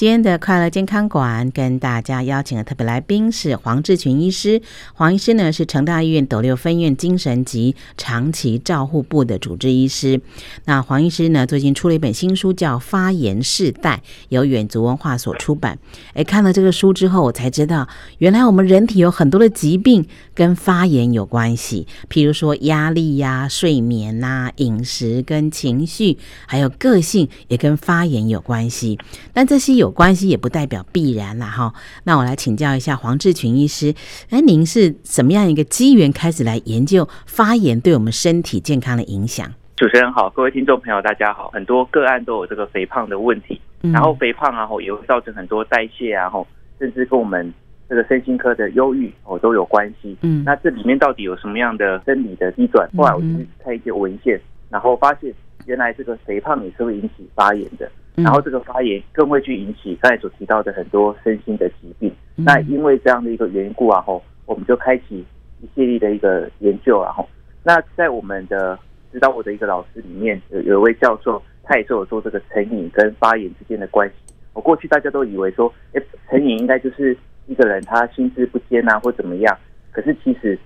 今天的快樂健康館跟大家邀請的特別來賓是黃智群醫師。黃醫師呢是成大醫院斗六分院精神及長期照護部的主治醫師。那黃醫師呢最近出了一本新書，叫《發炎世代》，由遠足文化所出版。誒，看了這個書之後，我才知道原來我們人體有很多的疾病跟發炎有關係。譬如說壓力呀、啊、睡眠吶、啊、飲食跟情緒，還有個性也跟發炎有關係。但這些有關係也不代表必然啦、啊、哈。那我來請教一下黃智群醫師，哎，您是怎麼樣一個機緣開始來研究發炎對我們身體健康的影響？主持人好，各位聽眾朋友大家好。很多個案都有這個肥胖的問題，嗯、然後肥胖啊，哦也會造成很多代謝啊，哦甚至跟我們這個身心科的憂鬱哦都有關係。嗯，那這裡面到底有什麼樣的生理的機轉？後來我去看一些文獻，然後發現原來這個肥胖也是會引起發炎的。然後這個發炎更會去引起剛才所提到的很多身心的疾病。嗯、那因為這樣的一個緣故啊，吼，我們就開啟一系列的一個研究啊，吼。那在我們的指導我的一個老師裡面，有有一位教授，他也是有做這個成癮跟發炎之間的關係。我過去大家都以為說，哎，成癮應該就是一個人他心智不堅啊，或怎麼樣。可是其實，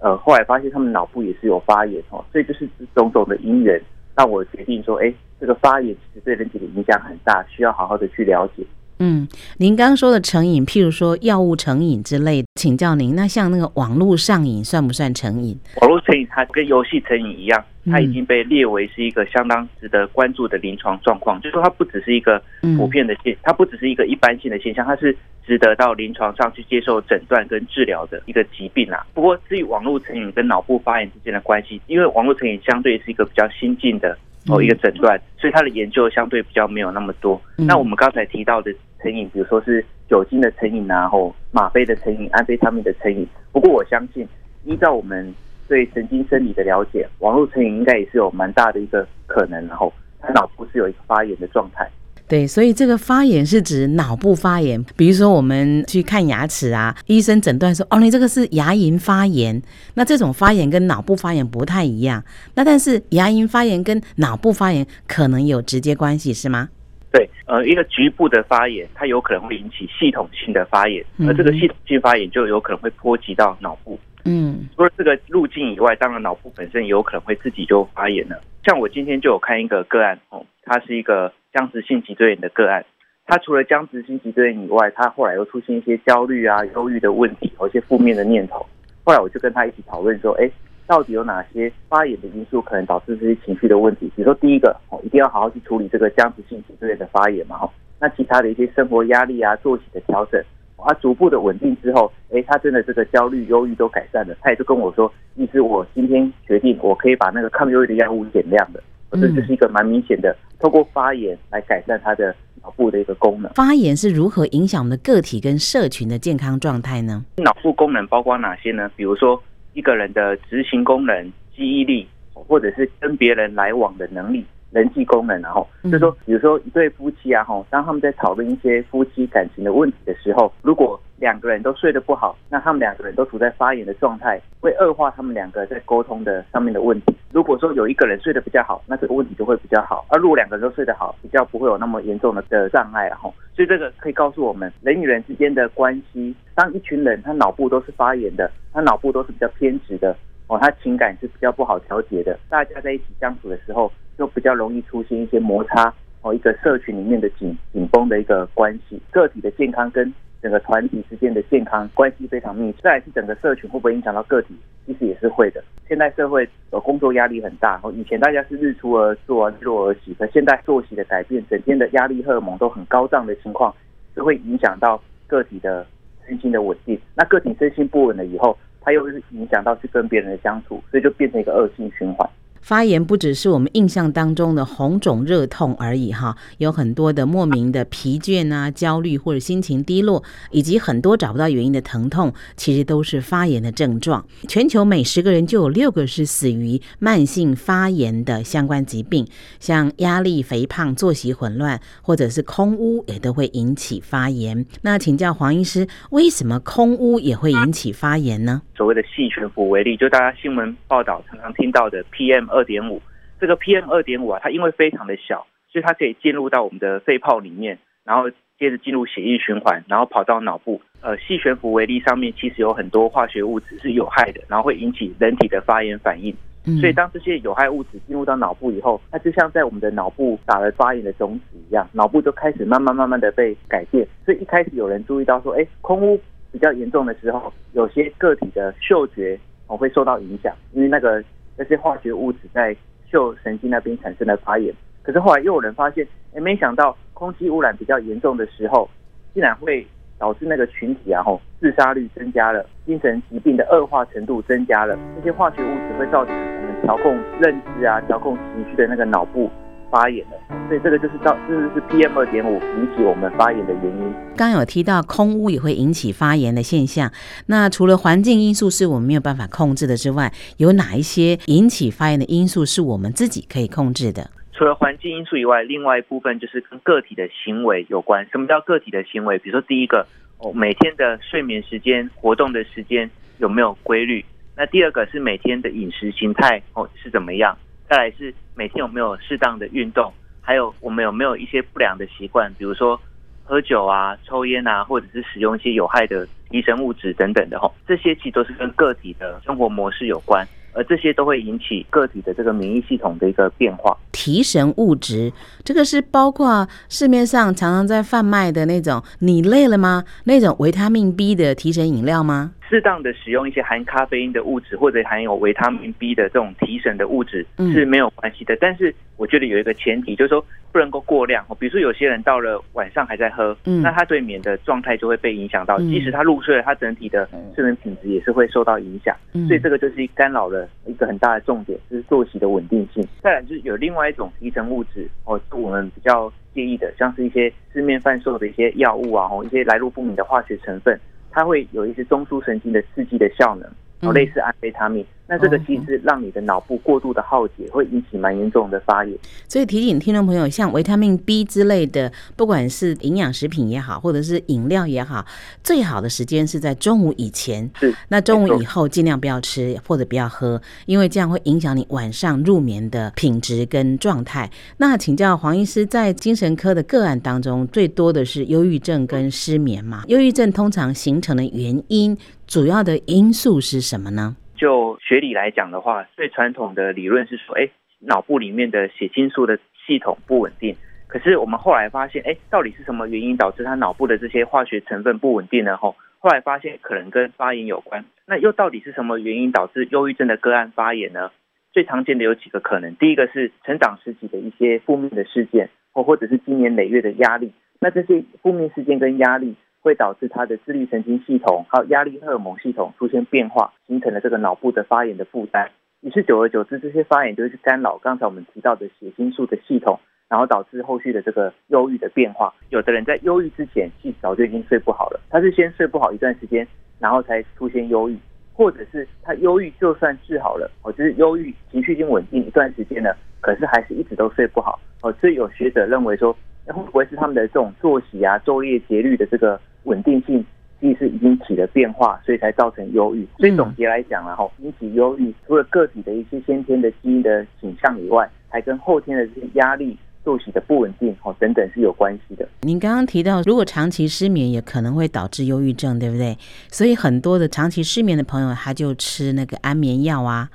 呃，後來發現他們腦部也是有發炎哦，所以就是種種的因緣。那我決定說，哎、欸，這個發炎其實對人體的影響很大，需要好好的去了解。嗯，您剛剛說的成癮，譬如說藥物成癮之類的，請教您，那像那個網絡上癮算不算成癮？網絡成癮它跟遊戲成癮一樣，它已經被列為是一個相當值得關注的臨床狀況。嗯、就是說它不只是一個普遍的現象，它不只是一個一般性的現象，它是值得到臨床上去接受診斷跟治療的一個疾病啦、啊。不過，至於網絡成癮跟腦部發炎之間的關係，因為網絡成癮相對是一個比較新進的。哦，一個，診斷，所以他的研究相對比較沒有那麼多。嗯、那我們剛才提到的成癮，比如說是酒精的成癮，然後嗎啡的成癮、安非他命的成癮。不過我相信，依照我們對神經生理的了解，網絡成癮應該也是有蠻大的一個可能。然後，他腦部是有一個發炎的狀態。對，所以這個發炎是指腦部發炎，比如說我們去看牙齒啊，醫生診斷說，哦，你這個是牙齦發炎。那這種發炎跟腦部發炎不太一樣。那但是牙齦發炎跟腦部發炎可能有直接關係，是嗎？對，呃，一個局部的發炎，它有可能會引起系統性的發炎，而這個系統性發炎就有可能會波及到腦部。嗯，除了這個路徑以外，當然腦部本身也有可能會自己就發炎了。像我今天就有看一個個案哦，它是一個。僵直性脊椎炎的個案，他除了僵直性脊椎炎以外，他後來又出現一些焦慮啊、憂鬱的問題，有一些負面的念頭。後來我就跟他一起討論說，哎、欸，到底有哪些發炎的因素可能導致這些情緒的問題？比如說第一個，哦，一定要好好去處理這個僵直性脊椎炎的發炎嘛。哦，那其他的一些生活壓力啊、作息的調整，他、啊、逐步的穩定之後，哎、欸，他真的這個焦慮、憂鬱都改善了。他也就跟我說，意思我今天決定，我可以把那個抗憂鬱的藥物減量的。或者這就是一個蠻明顯的，透過發炎來改善他的腦部的一個功能。發炎是如何影響我們的個體跟社群的健康狀態呢？腦部功能包括哪些呢？比如說一個人的執行功能、記憶力，或者是跟別人來往的能力。人際功能，然後就是說，比如說一對夫妻啊，吼，當他們在討論一些夫妻感情的問題的時候，如果兩個人都睡得不好，那他們兩個人都處在發炎的狀態，會惡化他們兩個在溝通的上面的問題。如果說有一個人睡得比較好，那這個問題就會比較好；而如果兩個人都睡得好，比較不會有那麼嚴重的障礙，吼。所以這個可以告訴我們，人與人之間的關係，當一群人他腦部都是發炎的，他腦部都是比較偏執的，哦，他情感是比較不好調節的，大家在一起相處的時候。都比較容易出現一些摩擦，和一個社群裡面的緊緊繃的一個關係。個體的健康跟整個團體之間的健康關係非常密切。再來是整個社群會不會影響到個體，其實也是會的。現代社會，呃，工作壓力很大，以前大家是日出而作，日落而息，可現在作息的改變，整天的壓力荷爾蒙都很高漲的情況，是會影響到個體的身心的穩定。那個體身心不穩了以後，它又會影響到去跟別人的相處，所以就變成一個惡性循環。發炎不只是我們印象當中的紅腫熱痛而已哈，有很多的莫名的疲倦啊、焦慮或者心情低落，以及很多找不到原因的疼痛，其實都是發炎的症狀。全球每十個人就有六個是死於慢性發炎的相關疾病，像壓力、肥胖、作息混亂或者是空污也都會引起發炎。那請教黃醫師，為什麼空污也會引起發炎呢？所謂的細懸浮微粒，就大家新聞報道常常聽到的 PM 二點五，這個 PM 二點五啊，它因為非常的小，所以它可以進入到我們的肺泡裡面，然後接着進入血液循環，然後跑到腦部。呃，細懸浮微粒上面其實有很多化學物質是有害的，然後會引起人體的發炎反應。嗯。所以當這些有害物質進入到腦部以後，它就像在我們的腦部打了發炎的種子一樣，腦部就開始慢慢慢慢的被改變。所以一開始有人注意到說，哎，空污比較嚴重的時候，有些個體的嗅覺會受到影響，因為那個。那些化學物質在嗅神經那邊產生了發炎，可是後來又有人發現，哎，沒想到空氣污染比較嚴重的時候，竟然會導致那個群體啊吼自殺率增加了，精神疾病的惡化程度增加了，那些化學物質會造成我們調控認知啊、調控情緒的那個腦部。發炎的，所以這個就是到。這是是 PM 二點五引起我們發炎的原因。剛有提到空污也會引起發炎的現象，那除了環境因素是我們沒有辦法控制的之外，有哪一些引起發炎的因素是我們自己可以控制的？除了環境因素以外，另外一部分就是跟個體的行為有關。什麼叫個體的行為？比如說第一個，哦，每天的睡眠時間、活動的時間有沒有規律？那第二個是每天的飲食形態哦是怎麼樣？再來是每天有沒有適當的運動，還有我們有沒有一些不良的習慣，比如說喝酒啊、抽煙啊，或者是使用一些有害的提神物質等等的吼，這些其實都是跟個體的生活模式有關，而這些都會引起個體的這個免疫系統的一個變化。提神物質，這個是包括市面上常常在販賣的那種“你累了嗎”那種維他命 B 的提神飲料嗎？適當的使用一些含咖啡因的物質，或者含有維他命 B 的這種提神的物質是沒有關係的。但是我覺得有一個前提，就是說不能夠過量。比如說有些人到了晚上還在喝，那他對免的狀態就會被影響到。即使他入睡了，他整體的睡眠品質也是會受到影響。所以這個就是干擾了一個很大的重點，就是作息的穩定性。再來就是有另外一種提神物質，哦，我們比較介意的，像是一些市面販售的一些藥物啊，哦，一些來路不明的化學成分。它會有一些中樞神經的刺激的效能。好，類似安非他命，嗯、那這個其實讓你的腦部過度的耗竭，會引起蠻嚴重的發炎。所以提醒聽眾朋友，像維他命 B 之類的，不管是營養食品也好，或者是飲料也好，最好的時間是在中午以前。是，那中午以後儘量不要吃，或者不要喝，沒錯。因為這樣會影響你晚上入眠的品質跟狀態。那請教黃醫師，在精神科的個案當中，最多的是憂鬱症跟失眠嘛？憂鬱症通常形成的原因？主要的因素是什麼呢？就學理來講的話，最傳統的理論是說，哎，腦部裡面的血清素的系統不穩定。可是我們後來發現，哎，到底是什麼原因導致他腦部的這些化學成分不穩定呢？吼，後來發現可能跟發炎有關。那又到底是什麼原因導致憂鬱症的個案發炎呢？最常見的有幾個可能，第一個是成長時期的一些負面的事件，或或者是積年累月的壓力。那這些負面事件跟壓力，會導致他的自律神經系統還有壓力荷爾蒙系統出現變化，形成了這個腦部的發炎的負擔。於是久而久之，這些發炎就會去干擾剛才我們提到的血清素的系統，然後導致後續的這個憂鬱的變化。有的人在憂鬱之前，其實早就已經睡不好了，他是先睡不好一段時間，然後才出現憂鬱，或者是他憂鬱就算治好了，哦，就是憂鬱情緒已經穩定一段時間了，可是還是一直都睡不好。哦，所以有學者認為說，會不會是他們的這種作息啊、晝夜節律的這個。穩定性，即是已經起了變化，所以才造成憂鬱。所以總結來講，然後引起憂鬱，除了個體的一些先天的基因的傾向以外，還跟後天的這些壓力、作息的不穩定，哦等等是有關係的。您剛剛提到，如果長期失眠，也可能會導致憂鬱症，對不對？所以很多的長期失眠的朋友，他就吃那個安眠藥啊。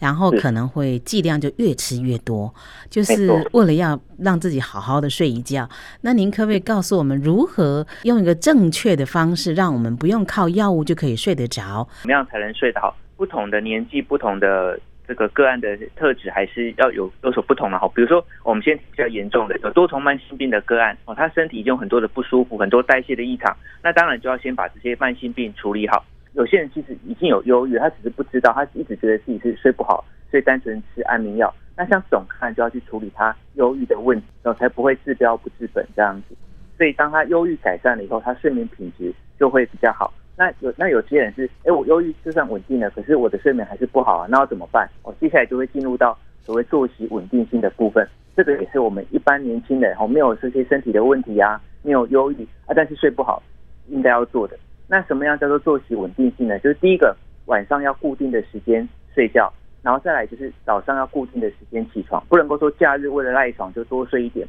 然後可能會劑量就越吃越多，就是為了要讓自己好好的睡一覺。那您可不可以告訴我們，如何用一個正確的方式，讓我們不用靠藥物就可以睡得着？怎麼樣才能睡得好？不同的年紀、不同的這個個案的特質，還是要有有所不同的哈。比如說，我們現在比較嚴重的有多重慢性病的個案哦，他身體已經有很多的不舒服，很多代謝的異常，那當然就要先把這些慢性病處理好。有些人其實已經有憂鬱，他只是不知道，他一直覺得自己是睡不好，所以單純吃安眠藥。那像這種看就要去處理他憂鬱的問題，然後才不會治標不治本這樣子。所以當他憂鬱改善了以後，他睡眠品質就會比較好。那有那有些人是，哎、欸，我憂鬱就算穩定了，可是我的睡眠還是不好啊，那要怎麼辦？哦，接下來就會進入到所謂作息穩定性的部分，這個也是我們一般年輕人然後沒有這些身體的問題啊，沒有憂鬱啊，但是睡不好應該要做的。那什麼樣叫做作息穩定性呢？就是第一個，晚上要固定的時間睡覺，然後再來就是早上要固定的時間起床，不能夠說假日為了賴床就多睡一點，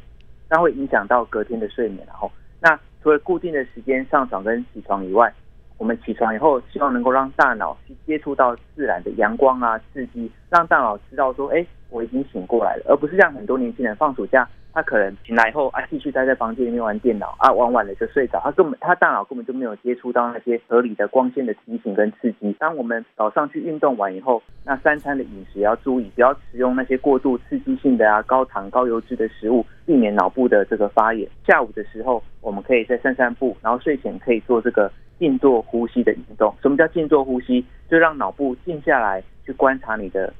那會影響到隔天的睡眠。然後，那除了固定的時間上床跟起床以外，我們起床以後希望能夠讓大腦去接觸到自然的陽光啊，刺激讓大腦知道說，哎、欸，我已經醒過來了，而不是像很多年輕人放暑假。他可能醒來以後啊，繼續待在房間裡面玩電腦啊，玩完了就睡着。他根本他大腦根本就沒有接觸到那些合理的光線的提醒跟刺激。當我們早上去運動完以後，那三餐的飲食要注意，不要食用那些過度刺激性的啊、高糖高油脂的食物，避免腦部的這個發炎。下午的時候，我們可以再散散步，然後睡前可以做這個靜坐呼吸的運動。什麼叫靜坐呼吸？就讓腦部靜下來，去觀察你的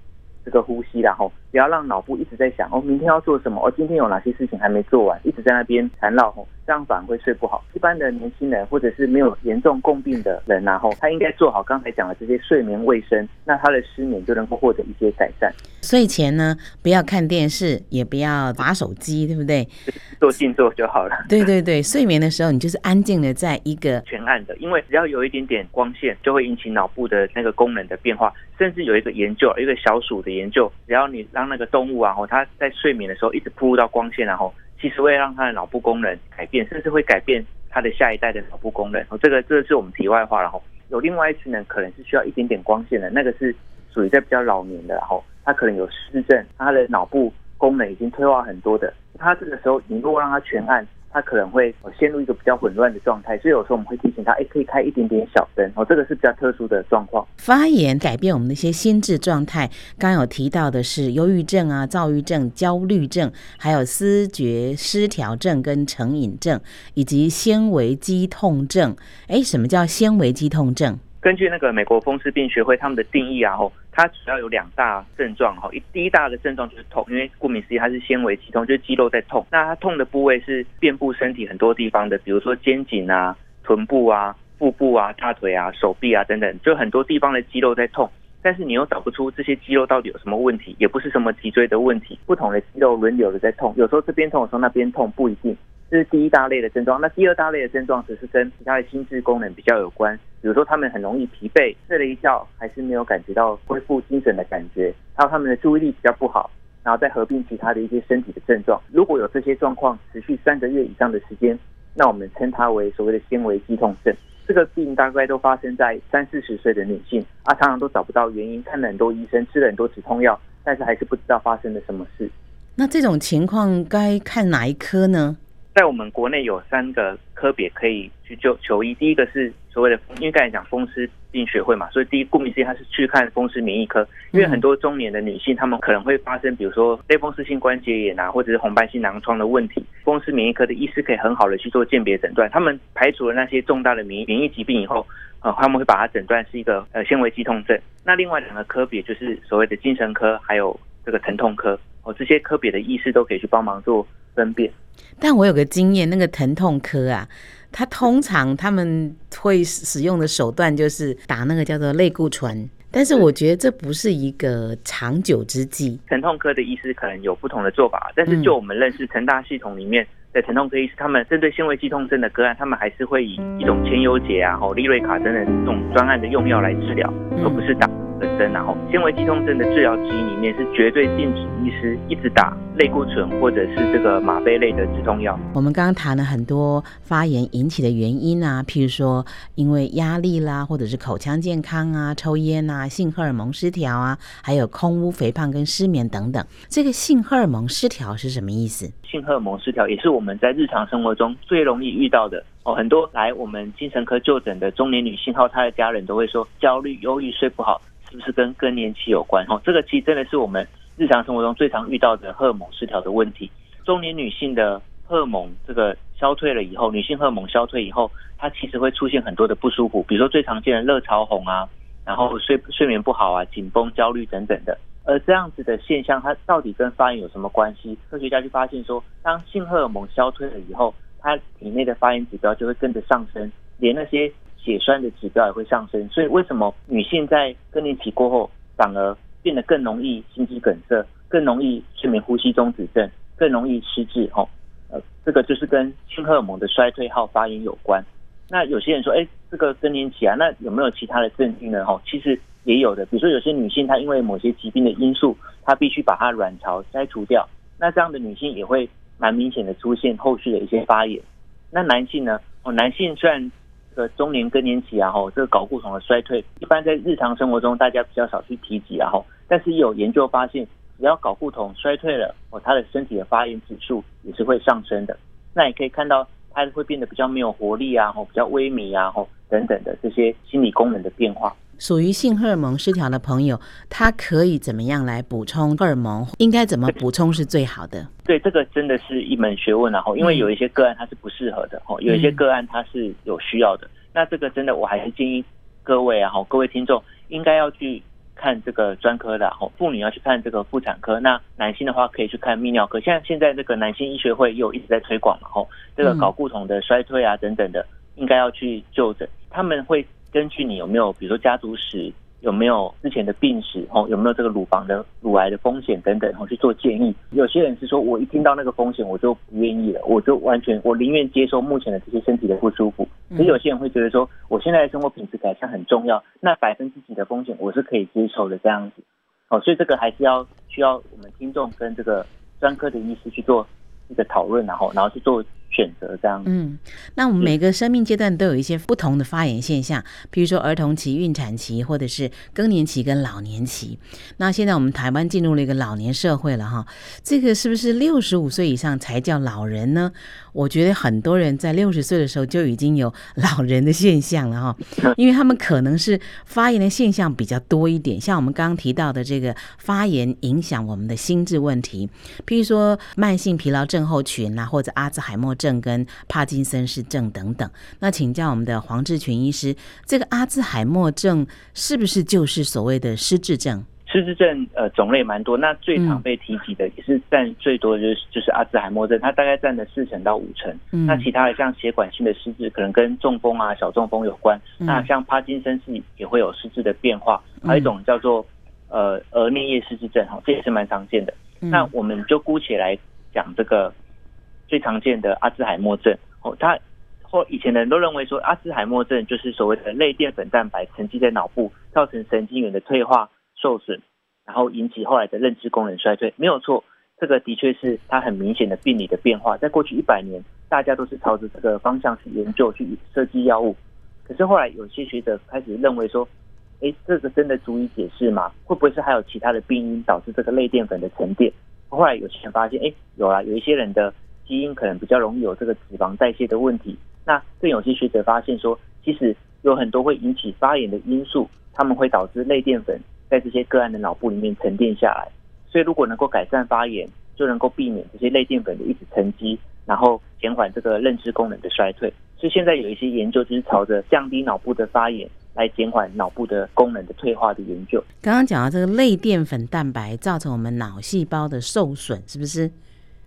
這個呼吸，然後。不要讓腦部一直在想，哦，明天要做什麼？哦，今天有哪些事情還沒做完？一直在那邊纏繞，這樣反而會睡不好。一般的年輕人，或者是沒有嚴重共病的人，啊，然後他應該做好剛才講的這些睡眠衛生，那他的失眠就能夠獲得一些改善。睡前呢，不要看電視，也不要打手機，對不對？做靜坐就好了。對對對，睡眠的時候你就是安靜的，在一個全暗的，因為只要有一點點光線，就會引起腦部的那個功能的變化。甚至有一個研究，一個小鼠的研究，只要你讓當那個動物啊，然後它在睡眠的時候一直暴露到光線啊，然後其實會讓它的腦部功能改變，甚至會改變它的下一代的腦部功能。這個這個是我們題外話的，然後有另外一群人，可能是需要一點點光線的，那個是屬於在比較老年的，然後他可能有失智症，他的腦部功能已經退化很多的，他這個時候你如果讓他全暗。他可能會陷入一個比較混亂的狀態，所以有時候我們會提醒他，誒，可以開一點點小燈哦，這個是比較特殊的狀況。發炎改變我們的一些心智狀態，剛剛有提到的是憂鬱症啊、躁鬱症、焦慮症，還有思覺失調症跟成癮症，以及纖維肌痛症。誒，什麼叫纖維肌痛症？根據那個美國風濕病學會他們的定義啊。它主要有兩大症狀哈，一第一大的症狀就是痛，因為顧名思義它是纖維肌痛，就是肌肉在痛。那它痛的部位是遍佈身體很多地方的，比如說肩頸啊、臀部啊、腹部啊、腹部啊、大腿啊、手臂啊等等，就很多地方的肌肉在痛。但是你又找不出這些肌肉到底有什麼問題，也不是什麼脊椎的問題，不同的肌肉輪流的在痛，有時候這邊痛，有時候那邊痛，不一定。這是第一大類的症狀，那第二大類的症狀則是跟其他的心智功能比較有關，比如說他們很容易疲憊，睡了一覺還是沒有感覺到恢復精神的感覺，還有他們的注意力比較不好，然後再合併其他的一些身體的症狀。如果有這些狀況持續三個月以上的時間，那我們稱它為所謂的纖維肌痛症。這個病大概都發生在三四十歲的女性，啊，常常都找不到原因，看了很多醫生，吃了很多止痛藥，但是還是不知道發生了什麼事。那這種情況該看哪一科呢？在我們國內有三個科別可以去就求醫，第一個是所謂的，因為剛才講風濕病學會嘛，所以第一顧名思義，他是去看風濕免疫科，因為很多中年的女性她們可能會發生，比如說類風濕性關節炎啊，或者是紅斑性狼瘡的問題，風濕免疫科的醫師可以很好的去做鑑別診斷，他們排除了那些重大的免疫免疫疾病以後，呃，他們會把它診斷是一個呃纖維肌痛症，那另外兩個科別就是所謂的精神科還有這個疼痛科哦，這些科別的醫師都可以去幫忙做。分辨，但我有個經驗，那個疼痛科啊，他通常他們會使用的手段就是打那個叫做類固醇，但是我覺得這不是一個長久之計。嗯、疼痛科的醫師可能有不同的做法，但是就我們認識成大系統裡面的疼痛科醫師，他們針對纖維肌痛症的個案，他們還是會以一種千憂解啊、或利瑞卡等等這種專案的用藥來治療，而不是打。嗯身，然後纖維肌痛症的治療指引裡面是絕對禁止醫師一直打類固醇或者是這個嗎啡類的止痛藥。我們剛剛談了很多發炎引起的原因啊，譬如說因為壓力啦，或者是口腔健康啊、抽煙啊、性荷爾蒙失調啊，還有空污、肥胖跟失眠等等。這個性荷爾蒙失調是什麼意思？性荷爾蒙失調也是我們在日常生活中最容易遇到的哦。很多來我們精神科就診的中年女性，號她的家人都會說焦慮、憂鬱、睡不好。是不是跟更年期有關？哦，這個其實真的是我們日常生活中最常遇到的荷爾蒙失調的問題。中年女性的荷爾蒙這個消退了以後，女性荷爾蒙消退以後，它其實會出現很多的不舒服，比如說最常見的熱潮紅啊，然後睡睡眠不好啊，緊繃、焦慮等等的。而這樣子的現象，它到底跟發炎有什麼關係？科學家就發現說，當性荷爾蒙消退了以後，它體內的發炎指標就會跟着上升，連那些。血栓的指標也會上升，所以為什麼女性在更年期過後反而變得更容易心肌梗塞、更容易睡眠呼吸中止症、更容易失智？哦，呃，這個就是跟性荷爾蒙的衰退和發炎有關。那有些人說，哎，欸，這個更年期啊，那有沒有其他的證據？呢？哦，其實也有的，比如說有些女性她因為某些疾病的因素，她必須把她卵巢摘除掉，那這樣的女性也會蠻明顯的出現後續的一些發炎。那男性呢？哦，男性雖然。這個中年更年期啊，吼，這個睾固酮的衰退，一般在日常生活中大家比較少去提及啊，吼，但是有研究發現，只要睾固酮衰退了，哦，他的身體的發炎指數也是會上升的，那也可以看到他會變得比較沒有活力啊，吼，比較萎靡啊，吼，等等的這些心理功能的變化。屬於性荷爾蒙失調的朋友，他可以怎麼樣來補充荷爾蒙？應該怎麼補充是最好的對？對，這個真的是一門學問啊，然後因為有一些個案它是不適合的，哦、嗯，有一些個案它是有需要的。嗯、那這個真的，我還是建議各位啊，各位聽眾應該要去看這個專科的哦、啊，婦女要去看這個婦產科，那男性的話可以去看泌尿科。像現在這個男性醫學會又一直在推廣了、啊嗯、這個睾固酮的衰退啊等等的，應該要去就診，他們會。根據你有沒有，比如說家族史，有沒有之前的病史，哦，有沒有這個乳房的乳癌的風險等等，然後去做建議。有些人是說，我一聽到那個風險，我就不願意了，我就完全，我寧願接受目前的這些身體的不舒服。所以有些人會覺得說，我現在的生活品質改善很重要，那百分之幾的風險我是可以接受的這樣子。哦，所以這個還是要需要我們聽眾跟這個專科的醫師去做一個討論，然後然後去做。選擇這樣。嗯，那我們每個生命階段都有一些不同的發炎現象，比如說兒童期、孕產期，或者是更年期跟老年期。那現在我們台灣進入了一個老年社會了哈，這個是不是六十五歲以上才叫老人呢？我覺得很多人在六十歲的時候就已經有老人的現象了哈、哦，因為他們可能是發炎的現象比較多一點。像我們剛剛提到的這個發炎影響我們的心智問題，譬如說慢性疲勞症候群啊，或者阿茲海默症跟帕金森氏症等等。那請教我們的黃智群醫師，這個阿茲海默症是不是就是所謂的失智症？失智症呃，種類蠻多，那最常被提及的也是佔最多的就是，嗯、就是阿茲海默症，它大概佔了四成到五成。嗯、那其他的像血管性的失智，可能跟中風啊、小中風有關。那像帕金森氏也會有失智的變化。嗯、還有一種叫做呃，額顳葉失智症哈，這也是蠻常見的。嗯、那我們就姑且來講這個最常見的阿茲海默症哦，它或以前的人都認為說阿茲海默症就是所謂的類澱粉蛋白沉積在腦部，造成神經元的退化。受損，然後引起後來的認知功能衰退，沒有錯，這個的確是它很明顯的病理的變化。在過去一百年，大家都是朝着這個方向去研究、去設計藥物。可是後來有些學者開始認為說，哎，這個真的足以解釋嗎？會不會是還有其他的病因導致這個類澱粉的沉澱？後來有些人發現，哎，有啦，有一些人的基因可能比較容易有這個脂肪代謝的問題。那更有些學者發現說，其實有很多會引起發炎的因素，他們會導致類澱粉。在這些個案的腦部裡面沉澱下來，所以如果能夠改善發炎，就能夠避免這些類澱粉的一直沉積，然後減緩這個認知功能的衰退。所以現在有一些研究就是朝着降低腦部的發炎，來減緩腦部的功能的退化的研究。剛剛講到這個類澱粉蛋白造成我們腦細胞的受損，是不是？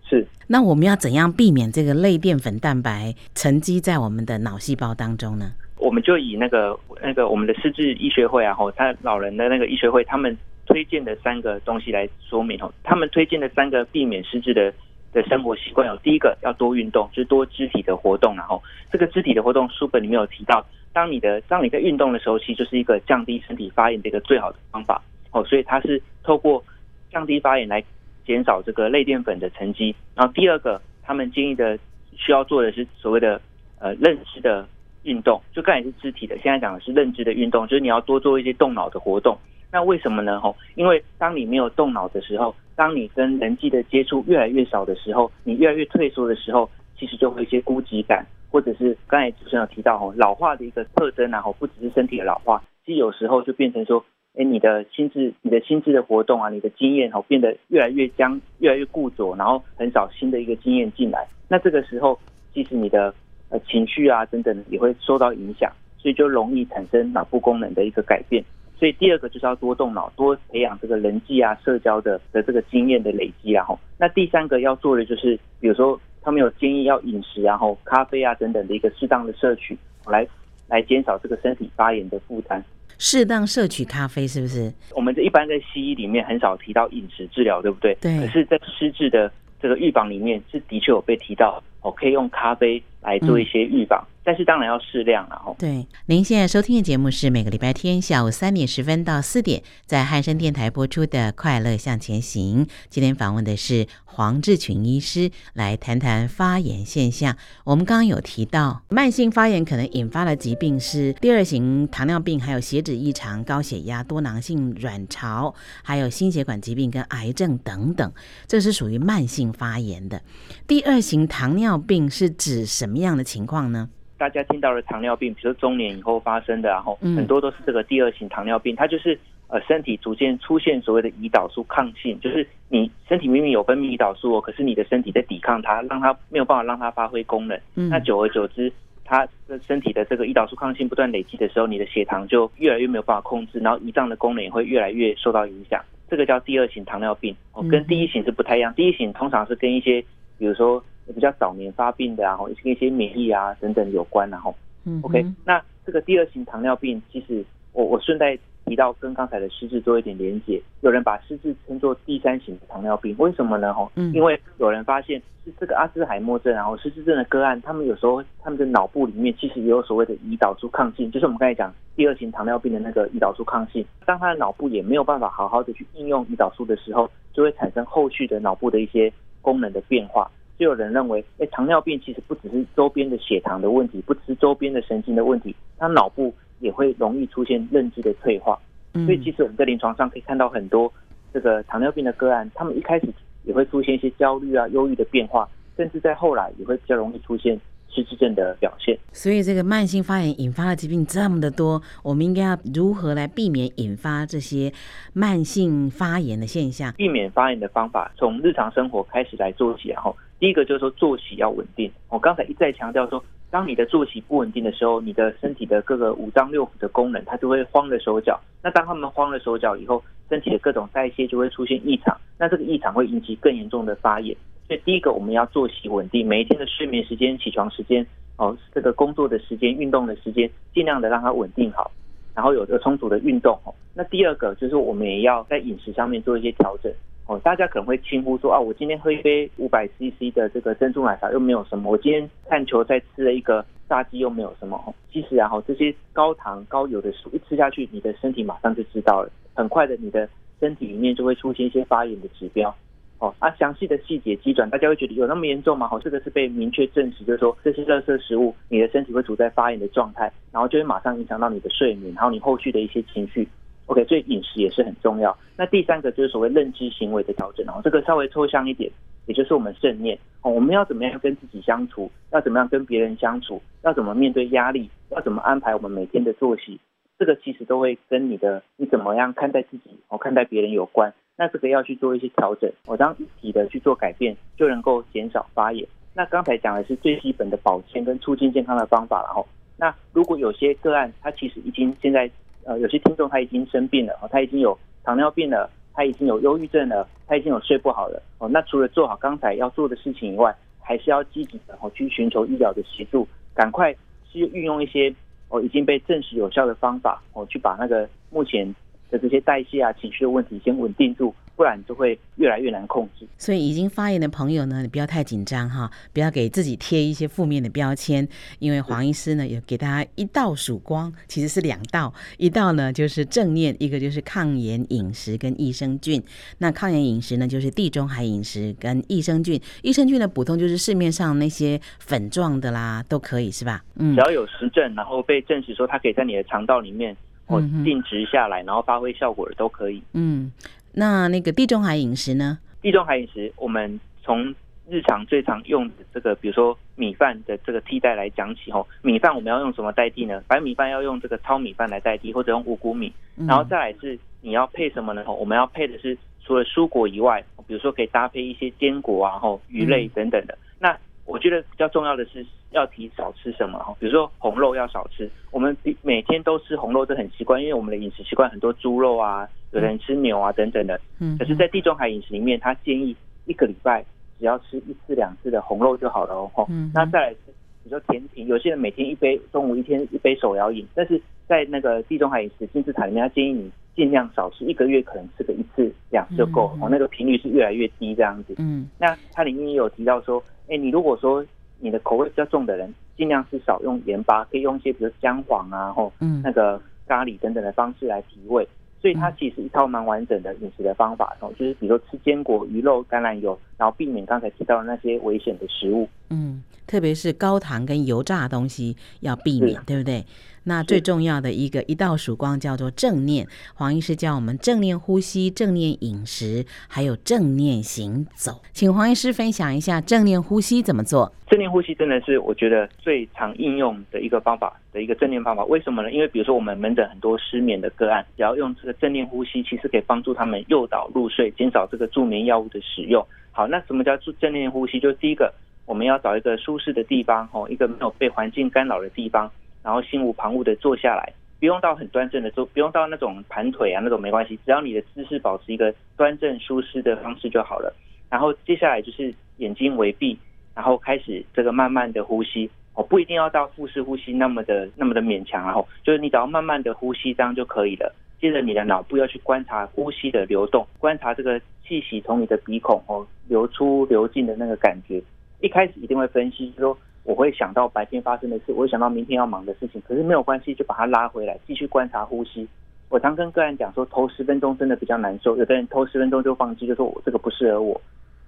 是。那我們要怎樣避免這個類澱粉蛋白沉積在我們的腦細胞當中呢？我們就以那個那個我們的失智醫學會啊，吼，他老人的那個醫學會，他們推薦的三個東西來說明哦，他們推薦的三個避免失智的的生活習慣哦，第一個要多運動，就是多肢體的活動，然後這個肢體的活動，書本裡面有提到，當你的當你在運動的時候，其實就是一個降低身體發炎的一個最好的方法哦，所以它是透過降低發炎來減少這個類澱粉的沉積，然後第二個他們建議的需要做的是所謂的呃認知的。運動就剛才是肢體的，現在講的是認知的運動，就是你要多做一些動腦的活動。那為什麼呢？吼，因為當你沒有動腦的時候，當你跟人際的接觸越來越少的時候，你越來越退縮的時候，其實就會一些孤寂感，或者是剛才主持人有提到吼，老化的一個特徵，然後不只是身體的老化，其實有時候就變成說，哎、欸，你的心智、你的心智的活動啊，你的經驗吼、啊、變得越來越僵、越來越固著，然後很少新的一個經驗進來，那這個時候其實你的。情緒啊，等等也會受到影響，所以就容易產生腦部功能的一個改變。所以第二個就是要多動腦，多培養這個人際啊、社交的的這個經驗的累積、啊，然後那第三個要做的就是，比如說他們有建議要飲食、啊，然後咖啡啊等等的一個適當的攝取，來來減少這個身體發炎的負擔。適當攝取咖啡是不是？我們這一般在西醫裡面很少提到飲食治療，對不對？對。可是在失智的。這個預防裡面是的確有被提到，哦，可以用咖啡來做一些預防。嗯但是當然要適量了哦。對，您現在收聽的節目是每個禮拜天下午三點十分到四點，在漢聲電台播出的《快樂向前行》。今天訪問的是黃智群醫師，來談談發炎現象。我們剛剛有提到，慢性發炎可能引發的疾病是第二型糖尿病，還有血脂異常、高血壓、多囊性卵巢，還有心血管疾病跟癌症等等。這是屬於慢性發炎的。第二型糖尿病是指什麼樣的情況呢？大家聽到了糖尿病，比如說中年以後發生的，然後很多都是這個第二型糖尿病，它就是呃身體逐漸出現所謂的胰島素抗性，就是你身體明明有分泌胰島素哦，可是你的身體在抵抗它，讓它沒有辦法讓它發揮功能。那久而久之，它的身體的這個胰島素抗性不斷累積的時候，你的血糖就越來越沒有辦法控制，然後胰臟的功能也會越來越受到影響。這個叫第二型糖尿病，哦跟第一型是不太一樣，第一型通常是跟一些比如說。比較早年發病的、啊，然後跟一些免疫啊等等有關、啊，然後、嗯哼，嗯，OK，那這個第二型糖尿病，其實我我順帶提到跟剛才的失智做一點連結。有人把失智稱作第三型糖尿病，為什麼呢？吼、嗯哼，因為有人發現是這個阿茲海默症、啊，然後失智症的個案，他們有時候他們的腦部裡面其實也有所謂的胰島素抗性，就是我們剛才講第二型糖尿病的那個胰島素抗性。當他的腦部也沒有辦法好好的去應用胰島素的時候，就會產生後續的腦部的一些功能的變化。就有人認為，欸，糖尿病其實不只是周邊的血糖的問題，不只是周邊的神經的問題，它腦部也會容易出現認知的退化。嗯。所以，其實我們在臨床上可以看到很多這個糖尿病的個案，他們一開始也會出現一些焦慮啊、憂鬱的變化，甚至在後來也會比較容易出現失智症的表現。所以，這個慢性發炎引發的疾病這麼的多，我們應該要如何來避免引發這些慢性發炎的現象？避免發炎的方法，從日常生活開始來做起來，然後。第一個就是說作息要穩定，我剛才一再強調說，當你的作息不穩定的時候，你的身體的各個五臟六腑的功能，它就會慌了手腳。那當他們慌了手腳以後，身體的各種代謝就會出現異常，那這個異常會引起更嚴重的發炎。所以第一個我們要作息穩定，每一天的睡眠時間、起床時間，哦，這個工作的時間、運動的時間，盡量的讓它穩定好，然後有個充足的運動。那第二個就是我們也要在飲食上面做一些調整。哦，大家可能會輕忽說啊，我今天喝一杯五百 CC 的這個珍珠奶茶又沒有什麼，我今天看球賽吃了一個炸雞又沒有什麼。其實、啊，然後這些高糖高油的食物一吃下去，你的身體馬上就知道了，很快的你的身體裡面就會出現一些發炎的指標。哦啊，詳細的細節機轉，大家會覺得有那麼嚴重嗎？好，這個是被明確證實，就是說這些垃圾食物，你的身體會處在發炎的狀態，然後就會馬上影響到你的睡眠，然後你後續的一些情緒。OK，所以飲食也是很重要。那第三個就是所謂認知行為的調整哦，然後這個稍微抽象一點，也就是我們正念哦，我們要怎麼樣跟自己相處，要怎麼樣跟別人相處，要怎麼面對壓力，要怎麼安排我們每天的作息，這個其實都會跟你的你怎麼樣看待自己哦，看待別人有關。那這個要去做一些調整，我哦，當一體的去做改變，就能夠減少發炎。那剛才講的是最基本的保健跟促進健康的方法，然後哦，那如果有些個案它其實已經現在。呃，有些聽眾他已經生病了，哦，他已經有糖尿病了，他已經有憂鬱症了，他已經有睡不好了，哦，那除了做好剛才要做的事情以外，還是要積極的哦去尋求醫療的協助，趕快去運用一些哦已經被證實有效的方法，哦去把那個目前的這些代謝啊、情緒的問題先穩定住。不然就會越來越難控制。所以已經發炎的朋友呢，你不要太緊張哈，不要給自己貼一些負面的標籤。因為黃醫師呢，有給大家一道曙光，其實是兩道，一道呢就是正念，一個就是抗炎飲食跟益生菌。那抗炎飲食呢，就是地中海飲食跟益生菌。益生菌的補充就是市面上那些粉狀的啦，都可以是吧？嗯，只要有實證，然後被證實說它可以在你的腸道裡面或定植下來，嗯哼，然後發揮效果的都可以。嗯。那那個地中海飲食呢？地中海飲食，我們從日常最常用的這個，比如說米飯的這個替代來講起。吼，米飯我們要用什麼代替呢？白米飯要用這個糙米飯來代替，或者用五穀米。然後再來是你要配什麼呢？我們要配的是除了蔬果以外，比如說可以搭配一些堅果啊、吼魚類等等的。嗯。那我覺得比較重要的是。要提少吃什麼哈，比如說，紅肉要少吃。我們每天都吃紅肉都很習慣，因為我們的飲食習慣很多豬肉啊，有人吃牛啊等等的。嗯。可是，在地中海飲食裡面，他建議一個禮拜只要吃一次兩次的紅肉就好了哦。嗯。那再來，比如說甜品，有些人每天一杯，中午一天一杯手搖飲，但是在那個地中海飲食金字塔裡面，他建議你盡量少吃，一個月可能吃個一次兩次就夠哦。嗯。那個頻率是越來越低這樣子。嗯。那它裡面也有提到說，哎，你如果說。你的口味比較重的人，儘量是少用鹽巴，可以用一些比如薑黃啊，然後那個咖喱等等的方式來提味。所以它其實一套蠻完整的飲食的方法，哦，就是比如說吃堅果、魚肉、橄欖油，然後避免剛才提到的那些危險的食物。嗯，特別是高糖跟油炸的東西要避免，是啊、對不對？那最重要的一個是一道曙光叫做正念，黃醫師教我們正念呼吸、正念飲食，還有正念行走。請黃醫師分享一下正念呼吸怎麼做？正念呼吸真的是我覺得最常應用的一個方法的一個正念方法。為什麼呢？因為比如說我們門診很多失眠的個案，只要用這個正念呼吸，其實可以幫助他們誘導入睡，減少這個助眠藥物的使用。好，那什麼叫正正念呼吸？就是第一個。我們要找一個舒適的地方，哦，一個沒有被環境干擾的地方，然後心無旁騖的坐下來，不用到很端正的坐，不用到那種盤腿啊，那種沒關係，只要你的姿勢保持一個端正舒適的方式就好了。然後接下來就是眼睛微閉，然後開始這個慢慢的呼吸，哦，不一定要到腹式呼吸那麼的那麼的勉強啊，然後就是你只要慢慢的呼吸這樣就可以了。接着你的腦部要去觀察呼吸的流動，觀察這個氣息從你的鼻孔哦流出流進的那個感覺。一開始一定會分析，說我會想到白天發生的事，我會想到明天要忙的事情。可是沒有關係，就把它拉回來，繼續觀察呼吸。我常跟個人講說，頭十分鐘真的比較難受，有的人頭十分鐘就放棄，就說我這個不適合我。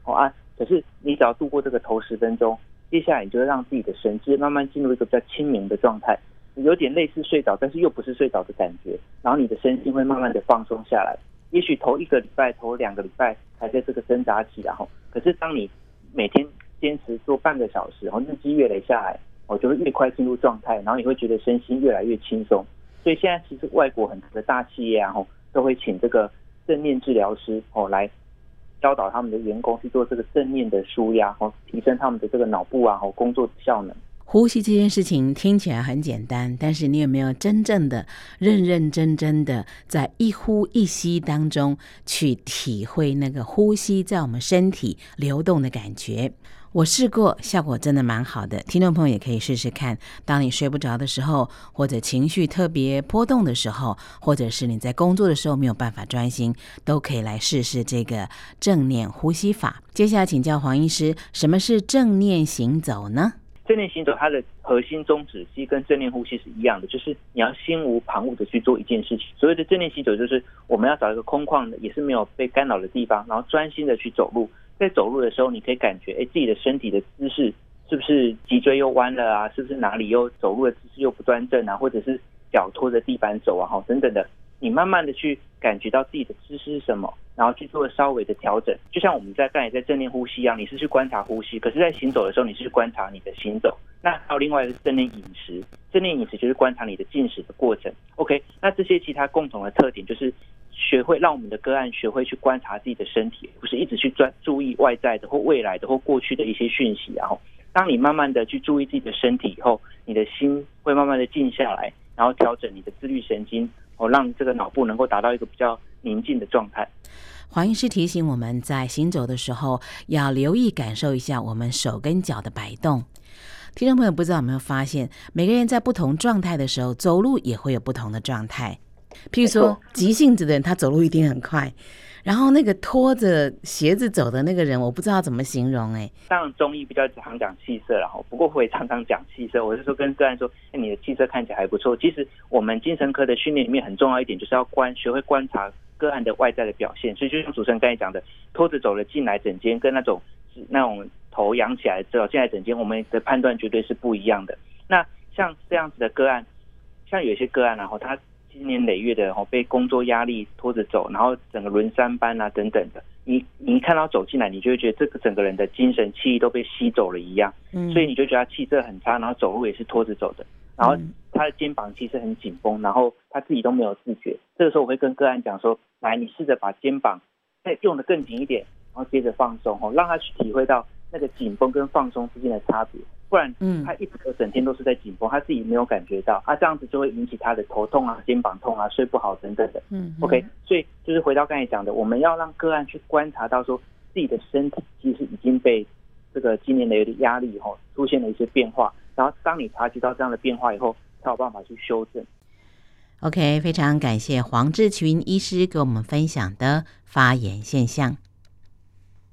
好啊，可是你只要度過這個頭十分鐘，接下來你就會讓自己的神志慢慢進入一個比較清明的狀態，有點類似睡着，但是又不是睡着的感覺。然後你的身心會慢慢的放鬆下來。也許頭一個禮拜、頭兩個禮拜還在這個掙扎期，然後，可是當你每天堅持做半個小時，然後日積月累下來，我就會越快進入狀態，然後你會覺得身心越來越輕鬆。所以現在其實外國很多大、大企業啊，都會請這個正念治療師哦來教導他們的員工去做這個正念的舒壓，然後提升他們的這個腦部啊，和工作的效能。呼吸這件事情聽起來很簡單，但是你有沒有真正的認認真真的在一呼一吸當中去體會那個呼吸在我們身體流動的感覺？我試過，效果真的蠻好的。聽眾朋友也可以試試看，當你睡不着的時候，或者情緒特別波動的時候，或者是你在工作的時候沒有辦法專心，都可以來試試這個正念呼吸法。接下來請教黃醫師，什麼是正念行走呢？正念行走，它的核心宗旨其實跟正念呼吸是一樣的，就是你要心無旁騖的去做一件事情。所謂的正念行走，就是我們要找一個空曠的，也是沒有被干擾的地方，然後專心的去走路。在走路的時候，你可以感覺，哎、欸，自己的身體的姿勢是不是脊椎又彎了啊？是不是哪裡又走路的姿勢又不端正啊？或者是腳拖着地板走啊？好等等的。你慢慢的去感覺到自己的姿勢是什麼，然後去做稍微的調整，就像我們在在你在正念呼吸一樣，你是去觀察呼吸，可是在行走的時候，你是去觀察你的行走。那還有另外的正念飲食，正念飲食就是觀察你的進食的過程。OK，那這些其他共同的特點就是學會讓我們的個案學會去觀察自己的身體，不是一直去專注意外在的或未來的或過去的一些訊息。然後，當你慢慢的去注意自己的身體以後，你的心會慢慢的靜下來，然後調整你的自律神經。哦，讓這個腦部能夠達到一個比較寧靜的狀態。黃醫師提醒我們，在行走的時候要留意感受一下我們手跟腳的擺動。聽眾朋友，不知道有沒有發現，每個人在不同狀態的時候走路也會有不同的狀態。譬如說，急性子的人，他走路一定很快。然後那個拖着鞋子走的那個人，我不知道怎麼形容誒、欸、上中醫比較常講氣色，然後不過會常常講氣色。我是說跟個案說，欸、你的氣色看起來還不錯。其實我們精神科的訓練裡面很重要一點，就是要觀學會觀察個案的外在的表現。所以就像主持人剛才講的，拖着走了進來整間，整間跟那種那種頭仰起來之後進來整間，我們的判斷絕對是不一樣的。那像這樣子的個案，像有些個案、啊，然後他。經年累月的，然後被工作壓力拖着走，然後整個輪三班啊等等的，你你看到走進來，你就會覺得這個整個人的精神氣都被吸走了一樣，嗯，所以你就覺得他氣色很差，然後走路也是拖着走的，然後他的肩膀其實很緊繃，然後他自己都沒有自覺。這個時候我會跟個案講說，來你試着把肩膀再用的更緊一點，然後接着放鬆哦，讓他去體會到那個緊繃跟放鬆之間的差別。不然，嗯，他一直都整天都是在緊繃，他自己沒有感覺到啊，這樣子就會引起他的頭痛啊、肩膀痛啊、睡不好等等的。嗯，OK，所以就是回到剛才講的，我們要讓個案去觀察到說，自己的身體其實已經被這個今年的壓力以後出現了一些變化，然後當你察覺到這樣的變化以後，才有辦法去修正。OK，非常感謝黃智群醫師給我們分享的發炎現象。